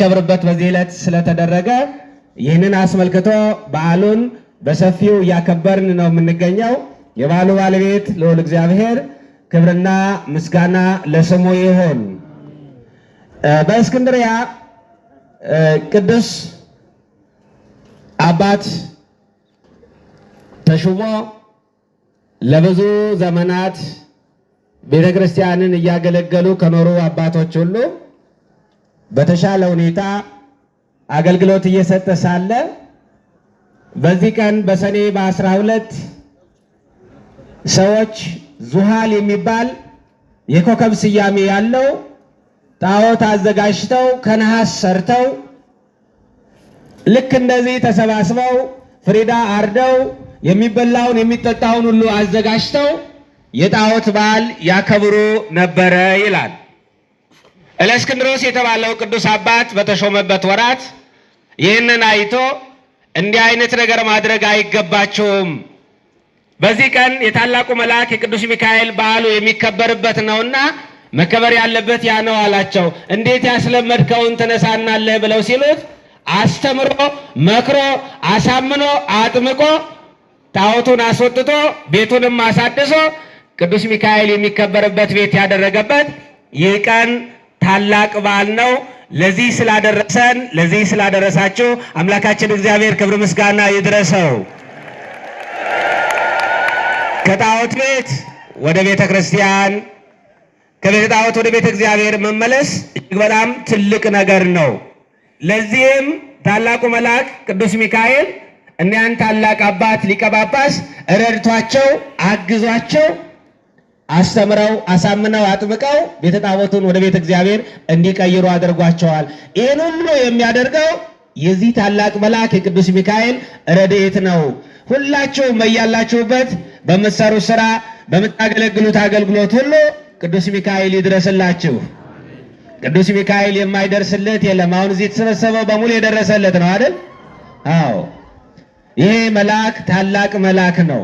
ከብርበት በዚህ ዕለት ስለተደረገ ይህንን አስመልክቶ በዓሉን በሰፊው እያከበርን ነው የምንገኘው። የበዓሉ ባለቤት ልዑል እግዚአብሔር ክብርና ምስጋና ለስሙ ይሁን። በእስክንድሪያ ቅዱስ አባት ተሹሞ ለብዙ ዘመናት ቤተክርስቲያንን እያገለገሉ ከኖሩ አባቶች ሁሉ በተሻለ ሁኔታ አገልግሎት እየሰጠ ሳለ በዚህ ቀን በሰኔ በአስራ ሁለት ሰዎች ዙሃል የሚባል የኮከብ ስያሜ ያለው ጣዖት አዘጋጅተው ከነሐስ ሰርተው ልክ እንደዚህ ተሰባስበው ፍሪዳ አርደው የሚበላውን የሚጠጣውን ሁሉ አዘጋጅተው የጣዖት በዓል ያከብሩ ነበረ ይላል። እለእስክንድሮስ የተባለው ቅዱስ አባት በተሾመበት ወራት ይህንን አይቶ እንዲህ አይነት ነገር ማድረግ አይገባቸውም፣ በዚህ ቀን የታላቁ መልአክ የቅዱስ ሚካኤል በዓሉ የሚከበርበት ነውና መከበር ያለበት ያ ነው አላቸው። እንዴት ያስለመድከውን ትነሳናለህ ብለው ሲሉት አስተምሮ መክሮ አሳምኖ አጥምቆ ጣዖቱን አስወጥቶ ቤቱንም አሳድሶ ቅዱስ ሚካኤል የሚከበርበት ቤት ያደረገበት ይህ ቀን ታላቅ በዓል ነው። ለዚህ ስላደረሰን ለዚህ ስላደረሳችሁ አምላካችን እግዚአብሔር ክብር ምስጋና ይድረሰው። ከጣዖት ቤት ወደ ቤተ ክርስቲያን፣ ከቤተ ጣዖት ወደ ቤተ እግዚአብሔር መመለስ እጅግ በጣም ትልቅ ነገር ነው። ለዚህም ታላቁ መልአክ ቅዱስ ሚካኤል እኒያን ታላቅ አባት ሊቀ ጳጳስ ረድቷቸው አግዟቸው አስተምረው አሳምነው አጥብቀው ቤተ ወደ ቤተ እግዚአብሔር እንዲቀይሩ አድርጓቸዋል። ይህን ሁሉ የሚያደርገው የዚህ ታላቅ መልአክ የቅዱስ ሚካኤል ረድኤት ነው። ሁላችሁም በያላችሁበት በምትሰሩ ስራ፣ በምታገለግሉት አገልግሎት ሁሉ ቅዱስ ሚካኤል ይድረስላችሁ። ቅዱስ ሚካኤል የማይደርስለት የለም። አሁን እዚህ የተሰበሰበው በሙሉ የደረሰለት ነው አይደል? አዎ፣ ይሄ መልአክ ታላቅ መልአክ ነው።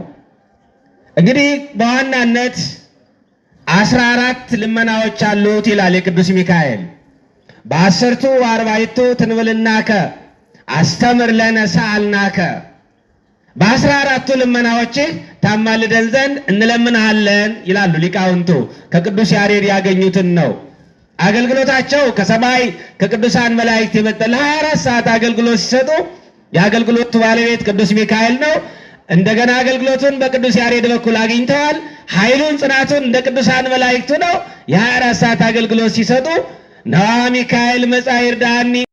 እንግዲህ በዋናነት አስራ አራት ልመናዎች አሉት ይላል የቅዱስ ሚካኤል። በአስርቱ አርባይቱ ትንብልናከ አስተምር ለነ ሰአልናከ። በአስራ አራቱ ልመናዎችህ ታማልደን ዘንድ እንለምናሃለን ይላሉ ሊቃውንቱ። ከቅዱስ ያሬድ ያገኙትን ነው። አገልግሎታቸው ከሰማይ ከቅዱሳን መላእክት የመጠ ለ24 ሰዓት አገልግሎት ሲሰጡ የአገልግሎቱ ባለቤት ቅዱስ ሚካኤል ነው። እንደገና አገልግሎቱን በቅዱስ ያሬድ በኩል አግኝተዋል። ኃይሉን ጽናቱን እንደ ቅዱሳን መላእክቱ ነው። የ24 ሰዓት አገልግሎት ሲሰጡ ነዋ ሚካኤል መጻዒ ዳኒ